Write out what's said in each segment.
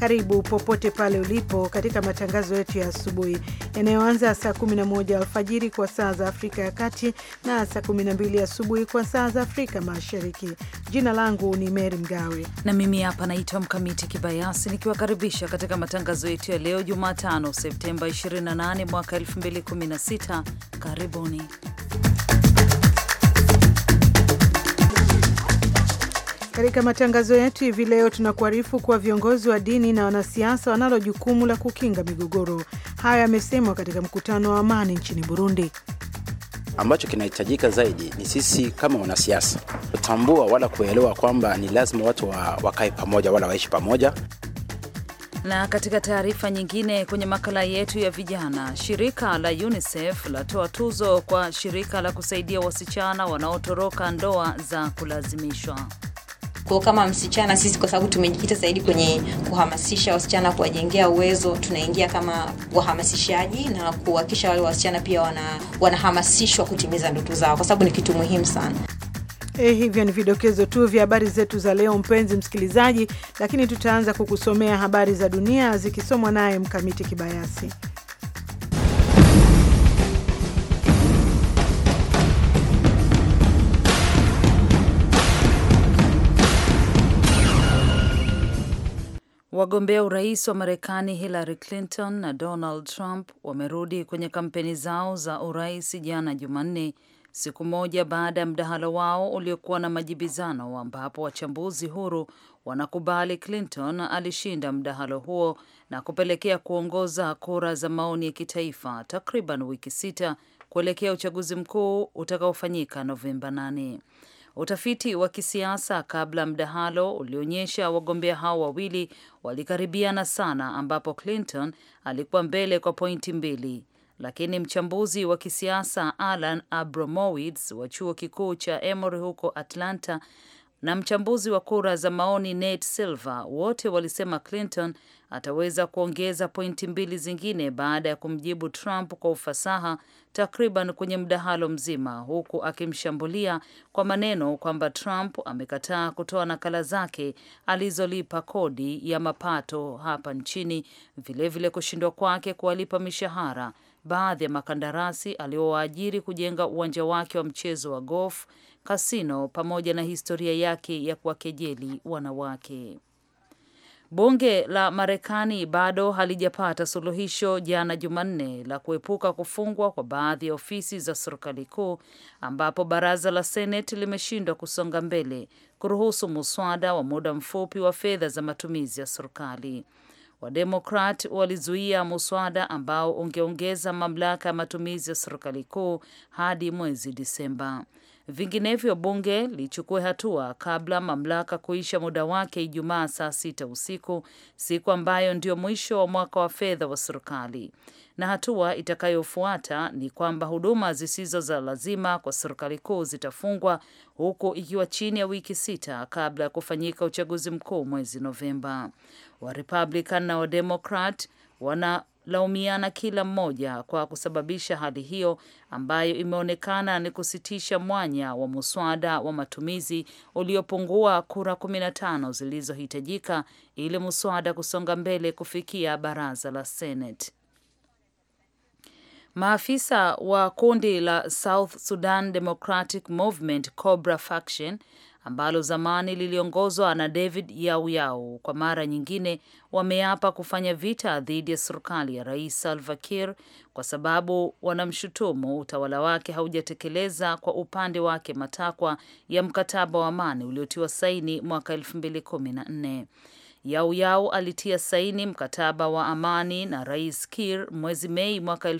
Karibu popote pale ulipo katika matangazo yetu ya asubuhi yanayoanza saa 11 alfajiri kwa saa za Afrika ya Kati na saa 12 asubuhi kwa saa za Afrika Mashariki. Jina langu ni Meri Mgawe na mimi hapa naitwa Mkamiti Kibayasi nikiwakaribisha katika matangazo yetu ya leo Jumatano, Septemba 28 mwaka 2016. Karibuni. Katika matangazo yetu hivi leo tunakuarifu kuwa viongozi wa dini na wanasiasa wanalo jukumu la kukinga migogoro. Hayo yamesemwa katika mkutano wa amani nchini Burundi. Ambacho kinahitajika zaidi ni sisi kama wanasiasa kutambua wala kuelewa kwamba ni lazima watu wa, wakae pamoja wala waishi pamoja. Na katika taarifa nyingine kwenye makala yetu ya vijana, shirika la UNICEF latoa tuzo kwa shirika la kusaidia wasichana wanaotoroka ndoa za kulazimishwa. Kwa kama msichana sisi, kwa sababu tumejikita zaidi kwenye kuhamasisha wasichana, kuwajengea uwezo, tunaingia kama wahamasishaji na kuhakikisha wale wasichana pia wana, wanahamasishwa kutimiza ndoto zao, kwa sababu ni kitu muhimu sana. Eh, hivyo ni vidokezo tu vya habari zetu za leo, mpenzi msikilizaji, lakini tutaanza kukusomea habari za dunia zikisomwa naye Mkamiti Kibayasi. Wagombea urais wa Marekani Hillary Clinton na Donald Trump wamerudi kwenye kampeni zao za urais jana Jumanne, siku moja baada ya mdahalo wao uliokuwa na majibizano, ambapo wachambuzi huru wanakubali Clinton alishinda mdahalo huo na kupelekea kuongoza kura za maoni ya kitaifa takriban wiki sita kuelekea uchaguzi mkuu utakaofanyika Novemba 8. Utafiti wa kisiasa kabla mdahalo ulionyesha wagombea hao wawili walikaribiana sana, ambapo Clinton alikuwa mbele kwa pointi mbili, lakini mchambuzi wa kisiasa Alan Abramowitz wa chuo kikuu cha Emory huko Atlanta na mchambuzi wa kura za maoni Nate Silver wote walisema Clinton ataweza kuongeza pointi mbili zingine baada ya kumjibu Trump kwa ufasaha takriban kwenye mdahalo mzima, huku akimshambulia kwa maneno kwamba Trump amekataa kutoa nakala zake alizolipa kodi ya mapato hapa nchini, vilevile kushindwa kwake kuwalipa mishahara baadhi ya makandarasi aliowaajiri kujenga uwanja wake wa mchezo wa golf Kasino pamoja na historia yake ya kuwakejeli wanawake. Bunge la Marekani bado halijapata suluhisho jana Jumanne la kuepuka kufungwa kwa baadhi ya ofisi za serikali kuu, ambapo baraza la Seneti limeshindwa kusonga mbele kuruhusu muswada wa muda mfupi wa fedha za matumizi ya serikali. Wademokrat walizuia muswada ambao ungeongeza mamlaka ya matumizi ya serikali kuu hadi mwezi Disemba. Vinginevyo bunge lichukue hatua kabla mamlaka kuisha muda wake Ijumaa saa sita usiku, siku ambayo ndio mwisho wa mwaka wa fedha wa serikali. Na hatua itakayofuata ni kwamba huduma zisizo za lazima kwa serikali kuu zitafungwa, huku ikiwa chini ya wiki sita kabla ya kufanyika uchaguzi mkuu mwezi Novemba. Warepublican na Wademokrat wana laumiana kila mmoja kwa kusababisha hali hiyo ambayo imeonekana ni kusitisha mwanya wa muswada wa matumizi uliopungua kura 15 zilizohitajika ili muswada kusonga mbele kufikia baraza la Senate. Maafisa wa kundi la South Sudan Democratic Movement Cobra Faction ambalo zamani liliongozwa na David Yauyau kwa mara nyingine wameapa kufanya vita dhidi ya serikali ya Rais Salva Kiir kwa sababu wanamshutumu utawala wake haujatekeleza kwa upande wake matakwa ya mkataba wa amani uliotiwa saini mwaka 2014. Yau Yau alitia saini mkataba wa amani na Rais kir mwezi Mei mwaka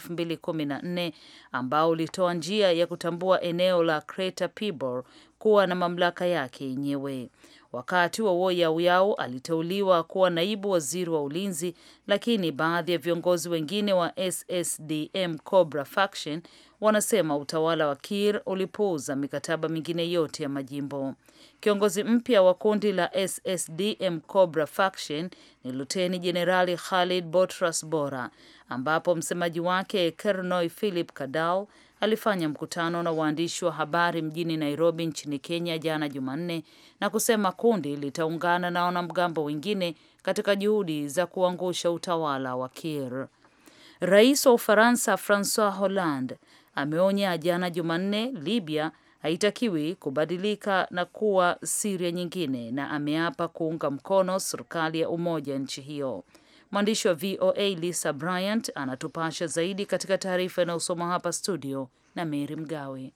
nne ambao ulitoa njia ya kutambua eneo la Greater Pibor kuwa na mamlaka yake yenyewe. Wakati wa huo Yau Yau aliteuliwa kuwa naibu waziri wa ulinzi, lakini baadhi ya viongozi wengine wa SSDM Cobra faction wanasema utawala wa kir ulipuuza mikataba mingine yote ya majimbo. Kiongozi mpya wa kundi la SSDM Cobra Faction ni Luteni Jenerali Khalid Botras Bora, ambapo msemaji wake kernoi Philip Kadal alifanya mkutano na waandishi wa habari mjini Nairobi nchini Kenya jana Jumanne na kusema kundi litaungana na wanamgambo wengine katika juhudi za kuangusha utawala wa Kiir. Rais wa Ufaransa Francois Hollande ameonya jana Jumanne Libya haitakiwi kubadilika na kuwa Siria nyingine, na ameapa kuunga mkono serikali ya umoja ya nchi hiyo. Mwandishi wa VOA Lisa Bryant anatupasha zaidi katika taarifa inayosoma hapa studio na Mary Mgawe.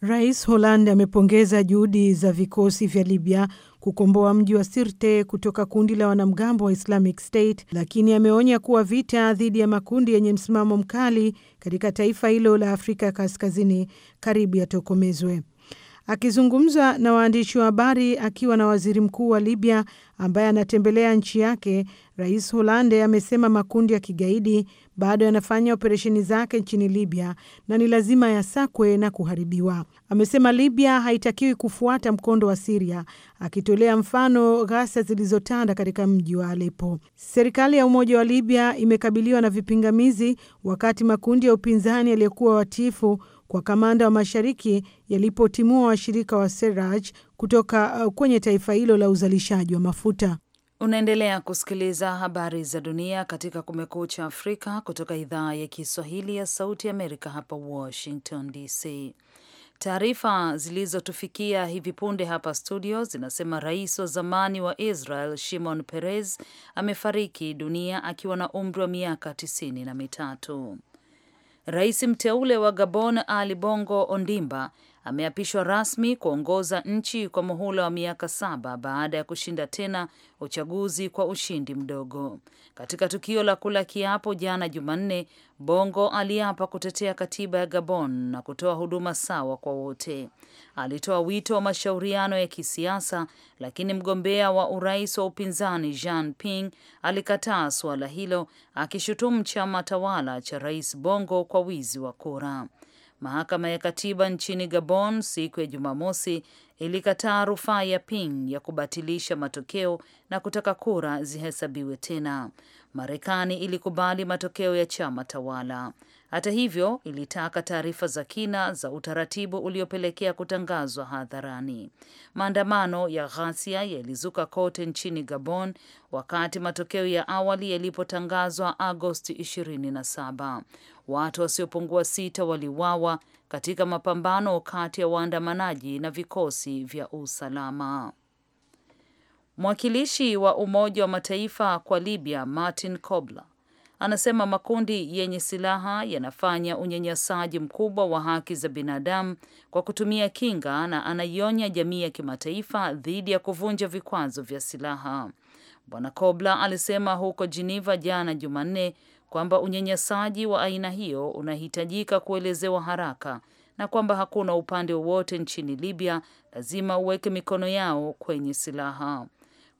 Rais Holand amepongeza juhudi za vikosi vya Libya kukomboa mji wa Sirte kutoka kundi la wanamgambo wa Islamic State, lakini ameonya kuwa vita dhidi ya makundi yenye msimamo mkali katika taifa hilo la Afrika kaskazini karibu yatokomezwe. Akizungumza na waandishi wa habari akiwa na waziri mkuu wa Libya ambaye anatembelea nchi yake, Rais Hollande amesema makundi ya kigaidi bado yanafanya operesheni zake nchini Libya na ni lazima yasakwe na kuharibiwa. Amesema Libya haitakiwi kufuata mkondo wa Siria, akitolea mfano ghasia zilizotanda katika mji wa Alepo. Serikali ya umoja wa Libya imekabiliwa na vipingamizi, wakati makundi ya upinzani yaliyokuwa watifu kwa kamanda wa mashariki yalipotimua washirika wa Seraj kutoka uh, kwenye taifa hilo la uzalishaji wa mafuta. Unaendelea kusikiliza habari za dunia katika Kumekucha Afrika kutoka idhaa ya Kiswahili ya Sauti Amerika hapa Washington DC. Taarifa zilizotufikia hivi punde hapa studio zinasema rais wa zamani wa Israel Shimon Peres amefariki dunia akiwa na umri wa miaka tisini na mitatu. Rais mteule wa Gabon Ali Bongo Ondimba ameapishwa rasmi kuongoza nchi kwa muhula wa miaka saba baada ya kushinda tena uchaguzi kwa ushindi mdogo. Katika tukio la kula kiapo jana Jumanne, Bongo aliapa kutetea katiba ya Gabon na kutoa huduma sawa kwa wote. Alitoa wito wa mashauriano ya kisiasa, lakini mgombea wa urais wa upinzani Jean Ping alikataa suala hilo, akishutumu chama tawala cha Rais Bongo kwa wizi wa kura. Mahakama ya Katiba nchini Gabon siku ya Jumamosi ilikataa rufaa ya Ping ya kubatilisha matokeo na kutaka kura zihesabiwe tena. Marekani ilikubali matokeo ya chama tawala. Hata hivyo, ilitaka taarifa za kina za utaratibu uliopelekea kutangazwa hadharani. Maandamano ya ghasia yalizuka kote nchini Gabon wakati matokeo ya awali yalipotangazwa Agosti 27. Watu wasiopungua sita waliuawa katika mapambano kati ya waandamanaji na vikosi vya usalama. Mwakilishi wa Umoja wa Mataifa kwa Libya Martin Kobler anasema makundi yenye silaha yanafanya unyanyasaji mkubwa wa haki za binadamu kwa kutumia kinga na anaionya jamii ya kimataifa dhidi ya kuvunja vikwazo vya silaha. Bwana Kobler alisema huko Geneva jana Jumanne kwamba unyanyasaji wa aina hiyo unahitajika kuelezewa haraka na kwamba hakuna upande wowote nchini Libya lazima uweke mikono yao kwenye silaha.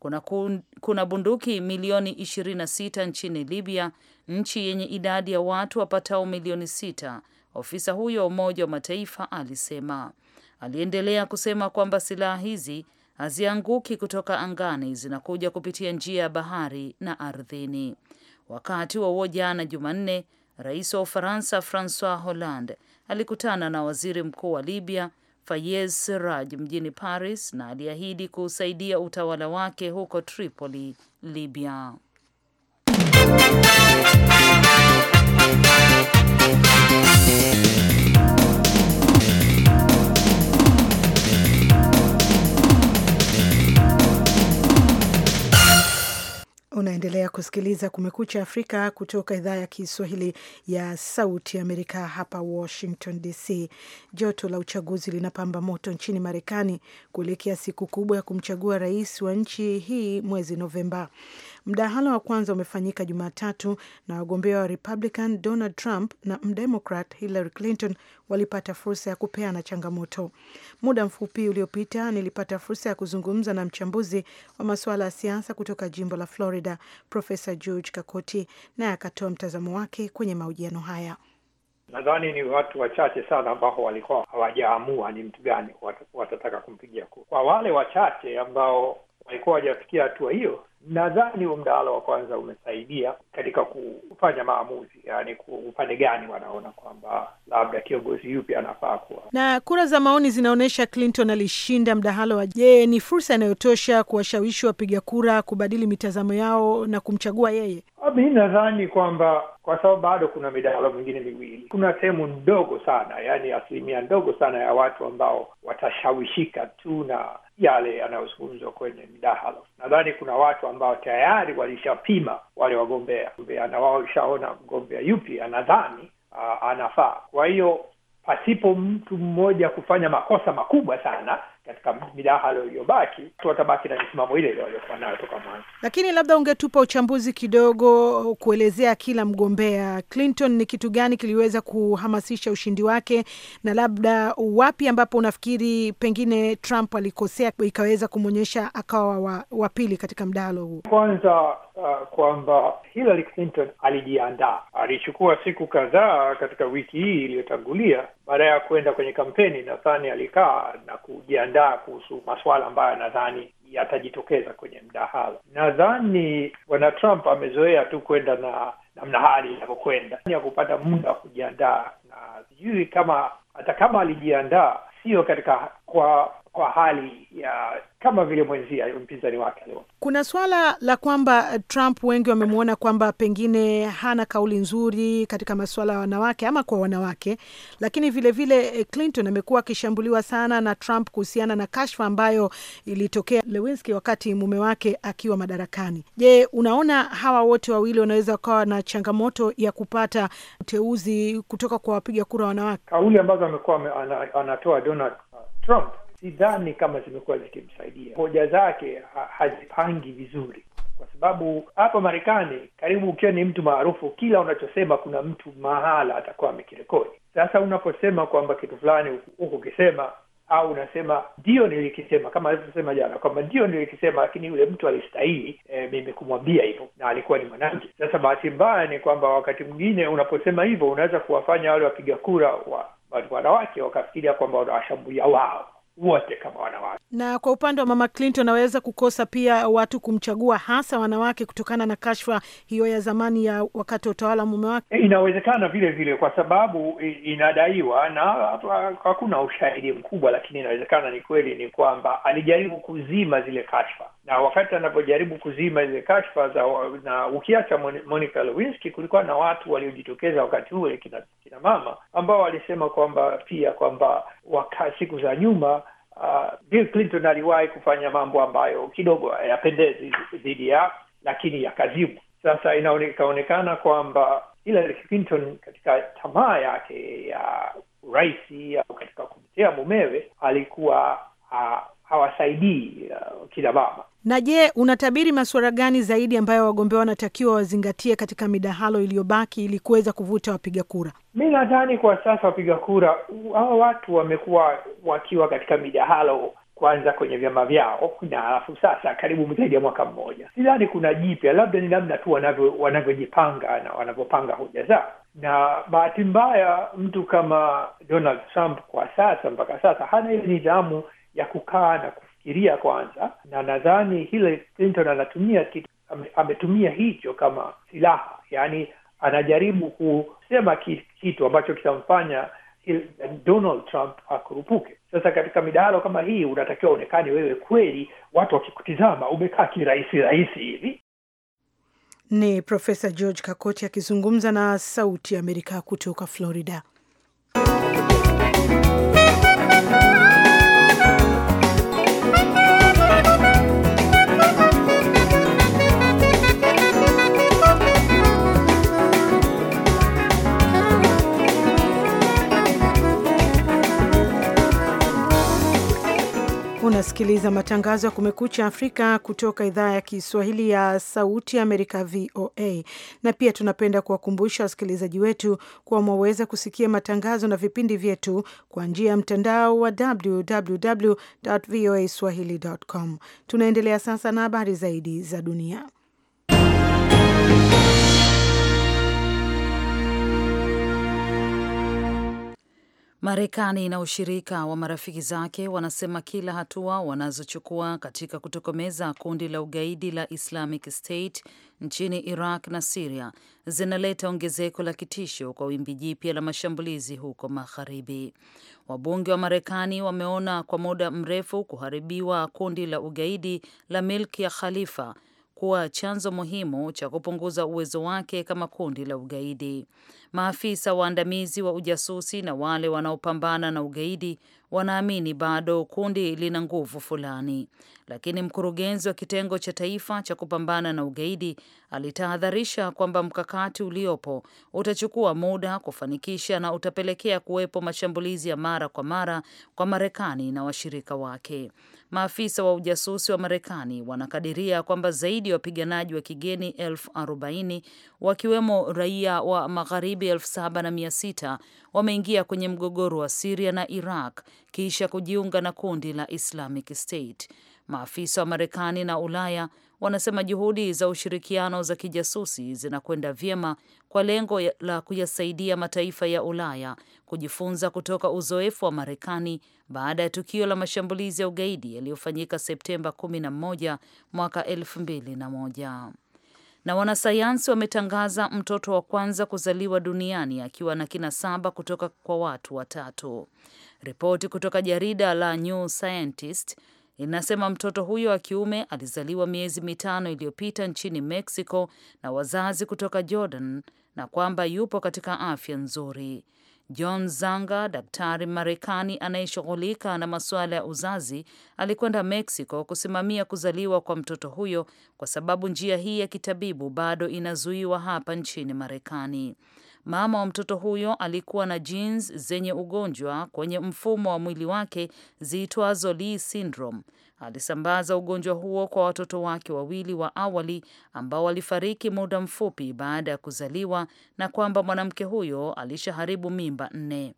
Kuna, kun, kuna bunduki milioni 26 nchini Libya, nchi yenye idadi ya watu wapatao milioni sita, ofisa huyo wa Umoja wa Mataifa alisema. Aliendelea kusema kwamba silaha hizi hazianguki kutoka angani, zinakuja kupitia njia ya bahari na ardhini. Wakati wa huo jana Jumanne, rais wa Ufaransa Francois Hollande alikutana na waziri mkuu wa Libya Fayez Sarraj mjini Paris na aliahidi kusaidia utawala wake huko Tripoli, Libya. Unaendelea kusikiliza Kumekucha Afrika kutoka idhaa ya Kiswahili ya Sauti Amerika, hapa Washington DC. Joto la uchaguzi linapamba moto nchini Marekani kuelekea siku kubwa ya kumchagua rais wa nchi hii mwezi Novemba. Mdahalo wa kwanza umefanyika Jumatatu na wagombea wa Republican Donald Trump na Mdemocrat Hillary Clinton walipata fursa ya kupeana changamoto. Muda mfupi uliopita nilipata fursa ya kuzungumza na mchambuzi wa masuala ya siasa kutoka jimbo la Florida, Profesa George Kakoti, naye akatoa mtazamo wake kwenye mahojiano haya. Nadhani ni watu wachache sana ambao walikuwa hawajaamua ni mtu gani watataka kumpigia kura. Kwa wale wachache ambao walikuwa hawajafikia hatua hiyo, nadhani huo mdahalo wa kwanza umesaidia katika kufanya maamuzi, yani upande gani wanaona kwamba labda kiongozi yupi anafaa kuwa. Na kura za maoni zinaonyesha Clinton alishinda mdahalo wa. Je, ni fursa inayotosha kuwashawishi wapiga kura kubadili mitazamo yao na kumchagua yeye? Mi nadhani kwamba kwa sababu bado kuna midahalo mingine miwili, kuna sehemu ndogo sana, yani asilimia ndogo sana ya watu ambao watashawishika tu na yale yanayozungumzwa kwenye mdahalo. Nadhani kuna watu ambao tayari walishapima wale wagombea na wao ishaona mgombea yupi anadhani anafaa. Kwa hiyo pasipo mtu mmoja kufanya makosa makubwa sana katika midahalo iliyobaki tu watabaki na misimamo ile ile waliokuwa nayo toka mwanzo. Lakini labda ungetupa uchambuzi kidogo kuelezea kila mgombea Clinton, ni kitu gani kiliweza kuhamasisha ushindi wake, na labda wapi ambapo unafikiri pengine Trump alikosea ikaweza kumwonyesha akawa wa, wa pili katika mdahalo huu? Kwanza uh, kwamba Hillary Clinton alijiandaa, alichukua siku kadhaa katika wiki hii iliyotangulia baada ya kuenda kwenye kampeni. Nadhani alikaa na kujiandaa kuhusu masuala ambayo nadhani yatajitokeza kwenye mdahalo. Nadhani bwana Trump amezoea tu kwenda na namna hali inavyokwenda ya kupata muda wa kujiandaa, na sijui kama hata kama alijiandaa, sio katika kwa kwa hali ya kama vile mwenzia mpinzani wake leo. Kuna swala la kwamba eh, Trump wengi wamemwona kwamba pengine hana kauli nzuri katika masuala ya wanawake ama kwa wanawake, lakini vilevile vile eh, Clinton amekuwa akishambuliwa sana na Trump kuhusiana na kashfa ambayo ilitokea Lewinsky wakati mume wake akiwa madarakani. Je, unaona hawa wote wawili wanaweza wakawa na changamoto ya kupata uteuzi kutoka kwa wapiga kura wanawake? Kauli ambazo amekuwa anatoa Donald Trump sidhani kama zimekuwa zikimsaidia. Hoja zake ha, hazipangi vizuri, kwa sababu hapa Marekani karibu ukiwa ni mtu maarufu, kila unachosema kuna mtu mahala atakuwa amekirekodi. Sasa unaposema kwamba kitu fulani huku ukisema au unasema ndio nilikisema, kama alivyosema jana kwamba ndio nilikisema, lakini yule mtu alistahili e, mimi kumwambia hivyo, na alikuwa ni mwanamke. Sasa bahati mbaya ni kwamba wakati mwingine unaposema hivyo unaweza kuwafanya wale wapiga kura wa wanawake wakafikiria kwamba wanawashambulia wao wote kama wanawake. Na kwa upande wa mama Clinton, anaweza kukosa pia watu kumchagua, hasa wanawake, kutokana na kashfa hiyo ya zamani ya wakati wa utawala wa mume wake. Eh, inawezekana vile vile, kwa sababu eh, inadaiwa na hakuna ushahidi mkubwa, lakini inawezekana ni kweli, ni kwamba alijaribu kuzima zile kashfa na wakati anapojaribu kuzima zile kashfa za na ukiacha Monica Lewinsky, kulikuwa na watu waliojitokeza wakati ule kina, kina mama ambao walisema kwamba pia kwamba siku za nyuma uh, Bill Clinton aliwahi kufanya mambo ambayo kidogo hayapendezi dhidi ya lakini yakazimwa Sasa ikaonekana kwamba Hillary Clinton katika tamaa yake ya uraisi au katika kumtea mumewe alikuwa uh, hawasaidii uh, kina mama na je, unatabiri masuala gani zaidi ambayo wagombea wanatakiwa wazingatie katika midahalo iliyobaki ili kuweza kuvuta wapiga kura? Mi nadhani kwa sasa wapiga kura hawa watu wamekuwa wakiwa katika midahalo kwanza kwenye vyama vyao na alafu sasa karibu zaidi ya mwaka mmoja. Sidhani kuna jipya, labda ni namna tu wanavyo wanavyojipanga na wanavyopanga hoja zao. Na bahati mbaya, mtu kama Donald Trump kwa sasa, mpaka sasa hana ile nidhamu ya kukaa na kufikiria kwanza, na nadhani hile Clinton anatumia kitu, ametumia hicho kama silaha, yaani anajaribu kusema kitu ambacho kitamfanya Donald Trump akurupuke. Sasa katika midahalo kama hii unatakiwa onekane wewe kweli, watu wakikutizama umekaa kirahisi rahisi hivi. Ni Profesa George Kakoti akizungumza na Sauti Amerika kutoka Florida. Unasikiliza matangazo ya Kumekucha Afrika kutoka idhaa ya Kiswahili ya Sauti ya Amerika, VOA. Na pia tunapenda kuwakumbusha wasikilizaji wetu kuwa mwaweza kusikia matangazo na vipindi vyetu kwa njia ya mtandao wa www voa swahili com. Tunaendelea sasa na habari zaidi za dunia. Marekani na ushirika wa marafiki zake wanasema kila hatua wanazochukua katika kutokomeza kundi la ugaidi la Islamic State nchini Iraq na Siria zinaleta ongezeko la kitisho kwa wimbi jipya la mashambulizi huko magharibi. Wabunge wa Marekani wameona kwa muda mrefu kuharibiwa kundi la ugaidi la Milki ya Khalifa kuwa chanzo muhimu cha kupunguza uwezo wake kama kundi la ugaidi. Maafisa waandamizi wa ujasusi na wale wanaopambana na ugaidi wanaamini bado kundi lina nguvu fulani, lakini mkurugenzi wa kitengo cha taifa cha kupambana na ugaidi alitahadharisha kwamba mkakati uliopo utachukua muda kufanikisha na utapelekea kuwepo mashambulizi ya mara kwa mara kwa Marekani na washirika wake. Maafisa wa ujasusi wa Marekani wanakadiria kwamba zaidi ya wapiganaji wa kigeni elfu arobaini wakiwemo raia wa magharibi elfu saba na mia sita wameingia kwenye mgogoro wa Siria na Iraq kisha kujiunga na kundi la Islamic State. Maafisa wa Marekani na Ulaya wanasema juhudi za ushirikiano za kijasusi zinakwenda vyema kwa lengo la kuyasaidia mataifa ya Ulaya kujifunza kutoka uzoefu wa Marekani baada ya tukio la mashambulizi ya ugaidi yaliyofanyika Septemba 11 mwaka 2001 na wanasayansi wametangaza mtoto wa kwanza kuzaliwa duniani akiwa na kina saba kutoka kwa watu watatu. Ripoti kutoka jarida la New Scientist linasema mtoto huyo wa kiume alizaliwa miezi mitano iliyopita nchini Mexico na wazazi kutoka Jordan na kwamba yupo katika afya nzuri. John Zanga, daktari Marekani anayeshughulika na masuala ya uzazi, alikwenda Mexico kusimamia kuzaliwa kwa mtoto huyo kwa sababu njia hii ya kitabibu bado inazuiwa hapa nchini Marekani. Mama wa mtoto huyo alikuwa na genes zenye ugonjwa kwenye mfumo wa mwili wake ziitwazo Lee syndrome. Alisambaza ugonjwa huo kwa watoto wake wawili wa awali ambao walifariki muda mfupi baada ya kuzaliwa, na kwamba mwanamke huyo alishaharibu mimba nne.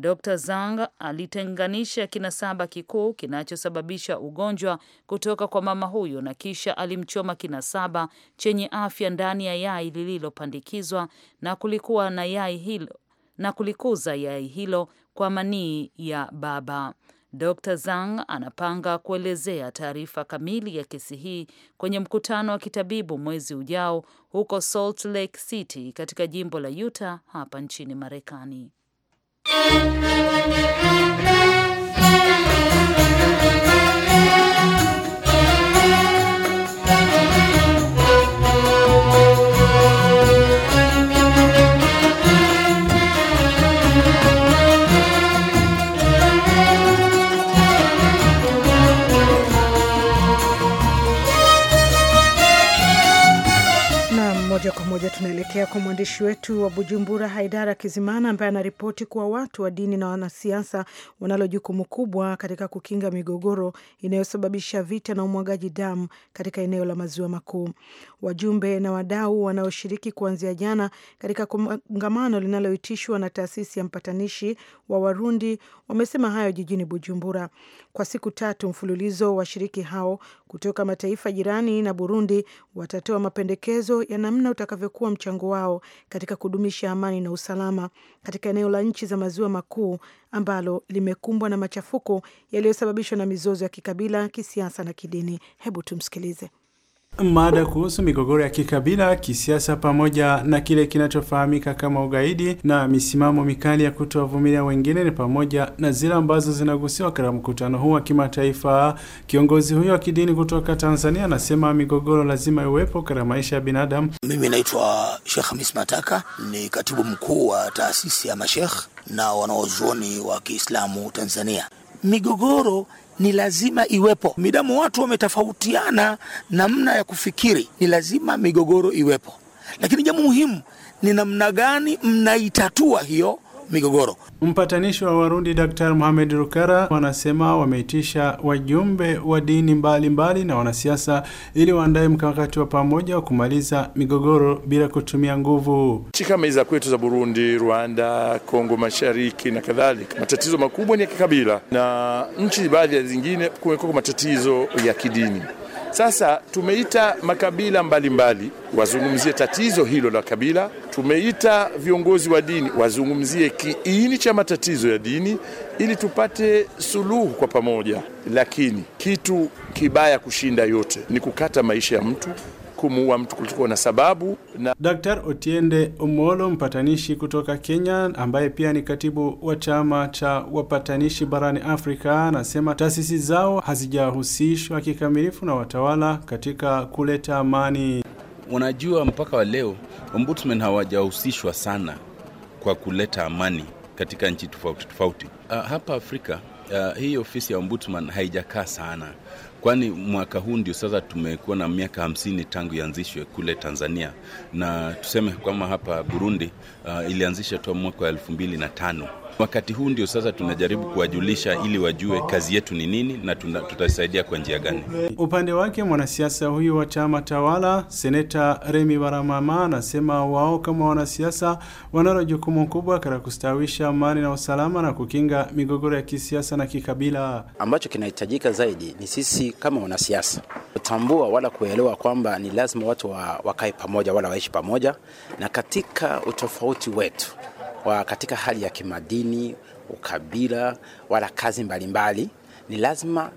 Dr. Zhang alitenganisha kinasaba kikuu kinachosababisha ugonjwa kutoka kwa mama huyo na kisha alimchoma kinasaba chenye afya ndani ya yai lililopandikizwa na kulikuwa na yai hilo na kulikuza yai hilo kwa manii ya baba. Dr. Zhang anapanga kuelezea taarifa kamili ya kesi hii kwenye mkutano wa kitabibu mwezi ujao huko Salt Lake City katika jimbo la Utah hapa nchini Marekani. Thank you. tunaelekea kwa mwandishi wetu wa Bujumbura, Haidara Kizimana, ambaye anaripoti kuwa watu wa dini na wanasiasa wanalo jukumu kubwa katika kukinga migogoro inayosababisha vita na umwagaji damu katika eneo la maziwa makuu. Wajumbe na wadau wanaoshiriki kuanzia jana katika kongamano linaloitishwa na taasisi ya mpatanishi wa Warundi wamesema hayo jijini Bujumbura kwa siku tatu mfululizo. Washiriki hao kutoka mataifa jirani na Burundi watatoa mapendekezo ya namna utakavyokuwa mchango wao katika kudumisha amani na usalama katika eneo la nchi za maziwa makuu ambalo limekumbwa na machafuko yaliyosababishwa na mizozo ya kikabila, kisiasa na kidini. Hebu tumsikilize. Mada kuhusu migogoro ya kikabila, kisiasa, pamoja na kile kinachofahamika kama ugaidi na misimamo mikali ya kutowavumilia wengine ni pamoja na zile ambazo zinagusiwa katika mkutano huu wa kimataifa. Kiongozi huyo wa kidini kutoka Tanzania anasema migogoro lazima iwepo katika maisha ya binadamu. Mimi naitwa Sheikh Hamis Mataka, ni katibu mkuu wa taasisi ya mashekh na wanaozuoni wa Kiislamu Tanzania. Migogoro ni lazima iwepo. Midamu watu wametofautiana namna ya kufikiri, ni lazima migogoro iwepo, lakini jambo muhimu ni namna gani mnaitatua hiyo migogoro. Mpatanishi wa Warundi Daktari Mohamed Rukara wanasema wameitisha wajumbe wa dini mbalimbali mbali na wanasiasa ili waandae mkakati wa pamoja wa kumaliza migogoro bila kutumia nguvu. Nchi kama hizi kwetu za Burundi, Rwanda, Kongo Mashariki na kadhalika, matatizo makubwa ni ya kikabila, na nchi baadhi ya zingine kumekuwa matatizo ya kidini. Sasa tumeita makabila mbalimbali mbali, wazungumzie tatizo hilo la kabila. Tumeita viongozi wa dini wazungumzie kiini cha matatizo ya dini ili tupate suluhu kwa pamoja, lakini kitu kibaya kushinda yote ni kukata maisha ya mtu kumuua mtu kulikuwa na sababu na... Dr. Otiende Omolo, mpatanishi kutoka Kenya ambaye pia ni katibu wa chama cha wapatanishi barani Afrika, anasema taasisi zao hazijahusishwa kikamilifu na watawala katika kuleta amani. Unajua, mpaka wa leo ombudsman hawajahusishwa sana kwa kuleta amani katika nchi tofauti tofauti. Uh, hapa Afrika uh, hii ofisi ya ombudsman haijakaa sana kwani mwaka huu ndio sasa tumekuwa na miaka hamsini tangu ianzishwe kule Tanzania, na tuseme kama hapa Burundi uh, ilianzisha tu mwaka wa elfu mbili na tano. Wakati huu ndio sasa tunajaribu kuwajulisha ili wajue kazi yetu ni nini na tutasaidia kwa njia gani. Upande wake mwanasiasa huyu wa chama tawala Seneta Remi Baramama anasema wao kama wanasiasa wanalo jukumu kubwa katika kustawisha amani na usalama na kukinga migogoro ya kisiasa na kikabila. Ambacho kinahitajika zaidi ni sisi kama wanasiasa kutambua wala kuelewa kwamba ni lazima watu wa, wakae pamoja wala waishi pamoja na katika utofauti utofauti wetu wa katika hali ya kimadini, ukabila, wala kazi mbalimbali mbali. Ni lazima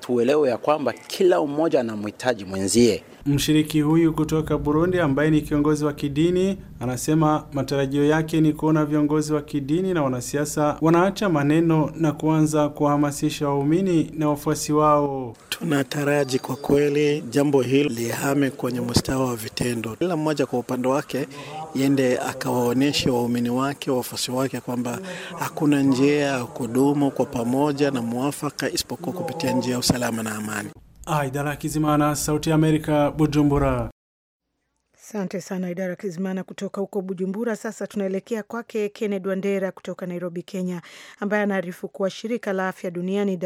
tuelewe ya kwamba kila mmoja anamhitaji mwenzie. Mshiriki huyu kutoka Burundi ambaye ni kiongozi wa kidini anasema matarajio yake ni kuona viongozi wa kidini na wanasiasa wanaacha maneno na kuanza kuwahamasisha waumini na wafuasi wao. Tunataraji kwa kweli jambo hili lihame kwenye mstari wa vitendo, kila mmoja kwa upande wake yende akawaonyeshe waumini wake, wafuasi wake kwamba hakuna njia ya kudumu kwa pamoja na muafaka isipokuwa kupitia njia ya usalama na amani. Aidara ah, Kizimana, Sauti ya Amerika, Bujumbura. Asante sana Idara Kizimana kutoka huko Bujumbura. Sasa tunaelekea kwake Kenneth Wandera kutoka Nairobi, Kenya, ambaye anaarifu kuwa shirika la afya duniani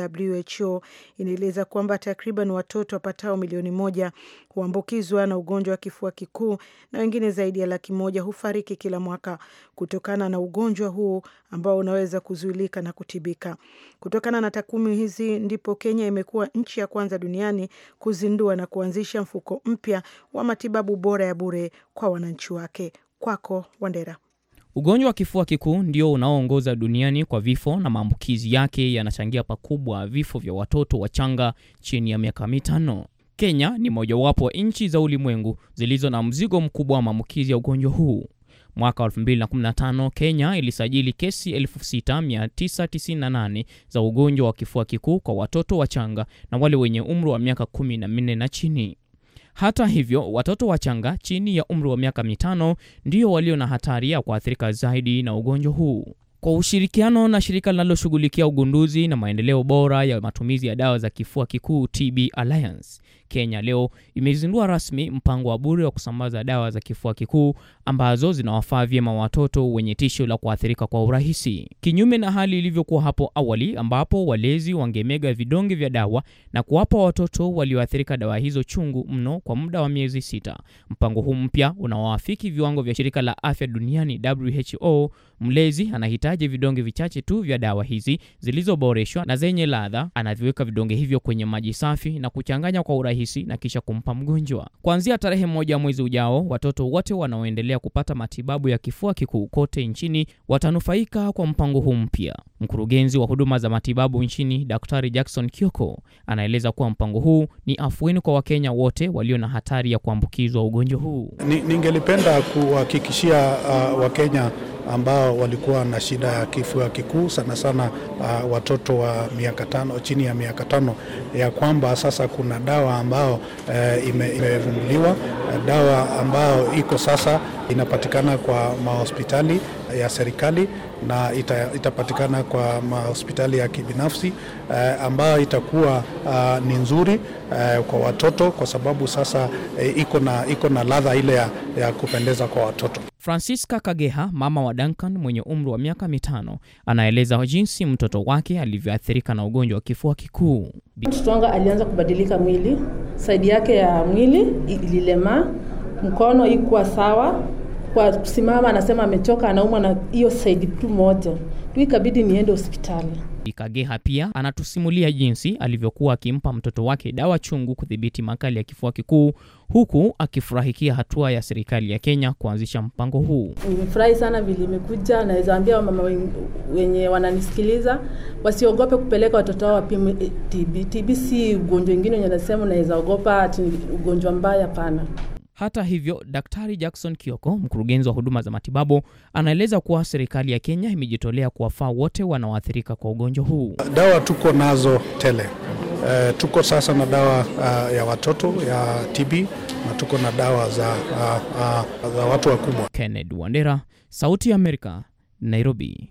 WHO inaeleza kwamba takriban watoto wapatao milioni moja huambukizwa na ugonjwa wa kifua kikuu na wengine zaidi ya laki moja hufariki kila mwaka kutokana na ugonjwa huu ambao unaweza kuzuilika na kutibika. Kutokana na takwimu hizi, ndipo Kenya imekuwa nchi ya kwanza duniani kuzindua na kuanzisha mfuko mpya wa matibabu bora ya bure bure kwa wananchi wake. Kwako Wandera. Ugonjwa wa kifua kikuu ndio unaoongoza duniani kwa vifo na maambukizi yake yanachangia pakubwa vifo vya watoto wachanga chini ya miaka mitano. Kenya ni mojawapo wa nchi za ulimwengu zilizo na mzigo mkubwa wa maambukizi ya ugonjwa huu. Mwaka 2015 Kenya ilisajili kesi 6998 za ugonjwa wa kifua kikuu kwa watoto wachanga na wale wenye umri wa miaka 14 na chini. Hata hivyo, watoto wachanga chini ya umri wa miaka mitano ndio walio na hatari ya kuathirika zaidi na ugonjwa huu. Kwa ushirikiano na shirika linaloshughulikia ugunduzi na maendeleo bora ya matumizi ya dawa za kifua kikuu TB Alliance Kenya leo imezindua rasmi mpango wa bure wa kusambaza dawa za kifua kikuu ambazo zinawafaa vyema watoto wenye tisho la kuathirika kwa urahisi, kinyume na hali ilivyokuwa hapo awali ambapo walezi wangemega vidonge vya dawa na kuwapa watoto walioathirika dawa hizo chungu mno kwa muda wa miezi sita. Mpango huu mpya unawaafiki viwango vya shirika la afya duniani WHO, mlezi anahitaji vidonge vichache tu vya dawa hizi zilizoboreshwa na zenye ladha. Anaviweka vidonge hivyo kwenye maji safi na kuchanganya kwa urahisi rahisi na kisha kumpa mgonjwa. Kuanzia tarehe moja mwezi ujao, watoto wote wanaoendelea kupata matibabu ya kifua kikuu kote nchini watanufaika kwa mpango huu mpya. Mkurugenzi wa huduma za matibabu nchini Daktari Jackson Kioko anaeleza kuwa mpango huu ni afueni kwa Wakenya wote walio na hatari ya kuambukizwa ugonjwa huu. Ningelipenda kuhakikishia uh, Wakenya ambao walikuwa na shida ya kifua kikuu sana sana, uh, watoto wa miaka tano, chini ya miaka tano, ya kwamba sasa kuna dawa ambao eh, imevumbuliwa ime eh, dawa ambayo iko sasa inapatikana kwa mahospitali ya serikali na ita, itapatikana kwa mahospitali ya kibinafsi eh, ambayo itakuwa uh, ni nzuri eh, kwa watoto kwa sababu sasa eh, iko na, iko na ladha ile ya, ya kupendeza kwa watoto. Francisca Kageha, mama wa Duncan mwenye umri wa miaka mitano, anaeleza jinsi mtoto wake alivyoathirika na ugonjwa wa kifua kikuu. Mtoto wangu alianza kubadilika mwili, saidi yake ya mwili ililemaa, mkono ikuwa sawa kwa kusimama, anasema amechoka, anaumwa na hiyo saidi tu moja tu, ikabidi niende hospitali. Ikageha pia anatusimulia jinsi alivyokuwa akimpa mtoto wake dawa chungu kudhibiti makali ya kifua kikuu, huku akifurahikia hatua ya serikali ya Kenya kuanzisha mpango huu. Nimefurahi sana vile imekuja. Naweza ambia wamama wenye wananisikiliza wasiogope kupeleka watoto wao wapimwe eh, TB. TB si ugonjwa wengine wenye nasema unaweza ogopa ati ugonjwa mbaya, pana hata hivyo, Daktari Jackson Kioko, mkurugenzi wa huduma za matibabu, anaeleza kuwa serikali ya Kenya imejitolea kuwafaa wote wanaoathirika kwa ugonjwa huu. Dawa tuko nazo tele. E, tuko sasa na dawa uh, ya watoto ya TB na tuko na dawa za, uh, uh, za watu wakubwa. Kennedy Wandera, Sauti ya Amerika, Nairobi.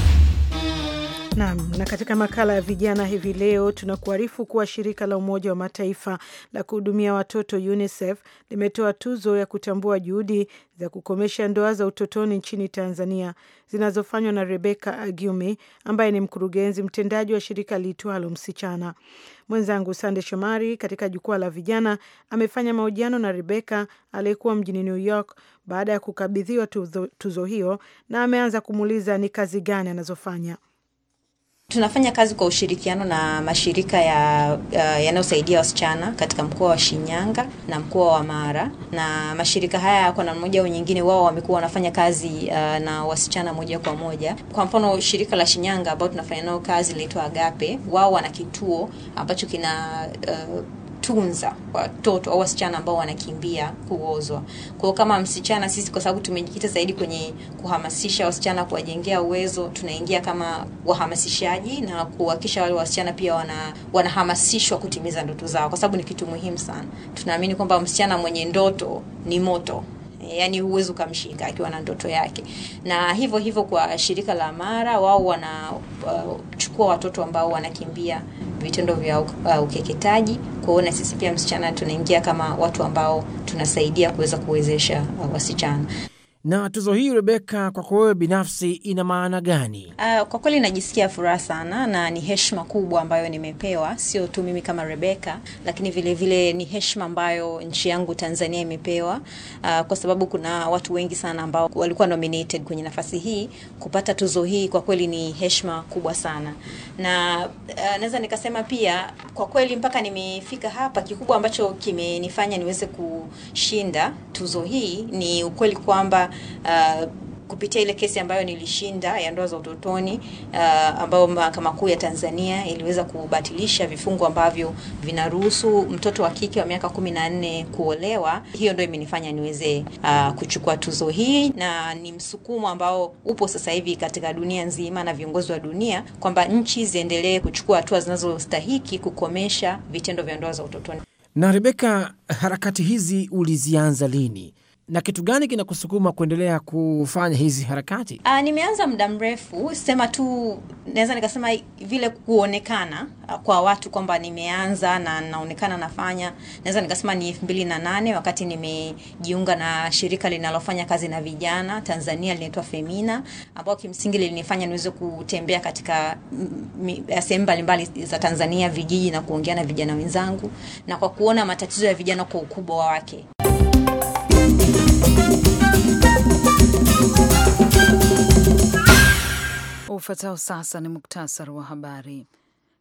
Naam, na katika makala ya vijana hivi leo tunakuarifu kuwa shirika la Umoja wa Mataifa la kuhudumia watoto UNICEF limetoa tuzo ya kutambua juhudi za kukomesha ndoa za utotoni nchini Tanzania zinazofanywa na Rebeka agumi ambaye ni mkurugenzi mtendaji wa shirika liitwalo Msichana. Mwenzangu Sande Shomari katika jukwaa la vijana amefanya mahojiano na Rebeka aliyekuwa mjini New York baada ya kukabidhiwa tuzo, tuzo hiyo na ameanza kumuuliza ni kazi gani anazofanya. Tunafanya kazi kwa ushirikiano na mashirika ya uh, yanayosaidia wasichana katika mkoa wa Shinyanga na mkoa wa Mara, na mashirika haya kwa namna moja au nyingine, wao wamekuwa wanafanya kazi uh, na wasichana moja kwa moja. Kwa mfano shirika la Shinyanga ambao tunafanya nao kazi linaitwa Agape, wao wana kituo ambacho kina uh, kutunza watoto au wasichana ambao wanakimbia kuozwa. Kwa kama msichana sisi, kwa sababu tumejikita zaidi kwenye kuhamasisha wasichana, kuwajengea uwezo, tunaingia kama wahamasishaji na kuhakikisha wale wasichana pia wana, wanahamasishwa kutimiza ndoto zao, kwa sababu ni kitu muhimu sana. Tunaamini kwamba msichana mwenye ndoto ni moto kufanya, yani huwezi ukamshika akiwa na ndoto yake. Na hivyo hivyo kwa shirika la mara wao wanachukua uh, watoto ambao wanakimbia vitendo vya uh, ukeketaji. Kwaona sisi pia msichana tunaingia kama watu ambao tunasaidia kuweza kuwezesha uh, wasichana. Na tuzo hii Rebeka, kwako wewe binafsi ina maana gani? Uh, kwa kweli najisikia furaha sana na ni heshma kubwa ambayo nimepewa, sio tu mimi kama Rebeka, lakini vile vile ni heshma ambayo nchi yangu Tanzania imepewa, uh, kwa sababu kuna watu wengi sana ambao walikuwa nominated kwenye nafasi hii. Kupata tuzo hii kwa kweli ni heshma kubwa sana, na uh, naweza nikasema pia kwa kweli mpaka nimefika hapa, kikubwa ambacho kimenifanya niweze kushinda tuzo hii ni ukweli kwamba uh, kupitia ile kesi ambayo nilishinda ya ndoa za utotoni uh, ambayo Mahakama Kuu ya Tanzania iliweza kubatilisha vifungu ambavyo vinaruhusu mtoto wa kike wa miaka 14 na kuolewa. Hiyo ndio imenifanya niweze uh, kuchukua tuzo hii, na ni msukumo ambao upo sasa hivi katika dunia nzima na viongozi wa dunia kwamba nchi ziendelee kuchukua hatua zinazostahiki kukomesha vitendo vya ndoa za utotoni. Na Rebeka, harakati hizi ulizianza lini? na kitu gani kinakusukuma kuendelea kufanya hizi harakati? Uh, nimeanza muda mrefu, sema tu naweza nikasema vile kuonekana ah, kwa watu kwamba nimeanza na naonekana nafanya, naweza nikasema ni elfu mbili na nane wakati nimejiunga na shirika linalofanya kazi na vijana Tanzania linaitwa Femina, ambao kimsingi lilinifanya niweze kutembea katika sehemu mbalimbali za Tanzania, vijiji na kuongea na vijana wenzangu na kwa kuona matatizo ya vijana kwa ukubwa wake. Ufuatao sasa ni muktasari wa habari.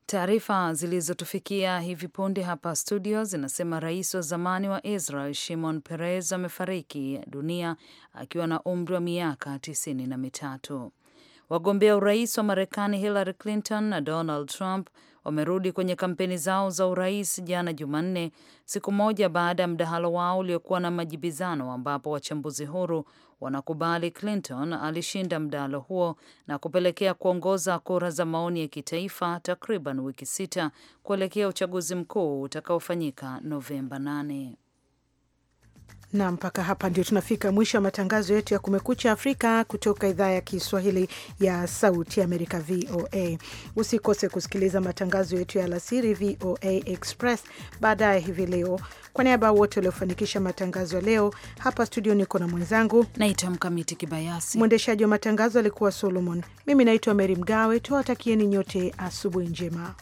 Taarifa zilizotufikia hivi punde hapa studio zinasema rais wa zamani wa Israel Shimon Peres amefariki dunia akiwa na umri wa miaka tisini na mitatu. Wagombea urais wa Marekani Hillary Clinton na Donald Trump wamerudi kwenye kampeni zao za urais jana Jumanne, siku moja baada ya mdahalo wao uliokuwa na majibizano, ambapo wachambuzi huru wanakubali Clinton alishinda mdahalo huo na kupelekea kuongoza kura za maoni ya kitaifa takriban wiki sita kuelekea uchaguzi mkuu utakaofanyika Novemba 8 na mpaka hapa ndio tunafika mwisho wa matangazo yetu ya Kumekucha Afrika kutoka idhaa ya Kiswahili ya Sauti Amerika, VOA. Usikose kusikiliza matangazo yetu ya alasiri, VOA Express, baadaye hivi leo. Kwa niaba ya wote waliofanikisha matangazo ya leo, hapa studio niko na mwenzangu, naitwa Mkamiti Kibayasi. Mwendeshaji wa matangazo alikuwa Solomon. Mimi naitwa Meri Mgawe. Tuwatakieni nyote asubuhi njema.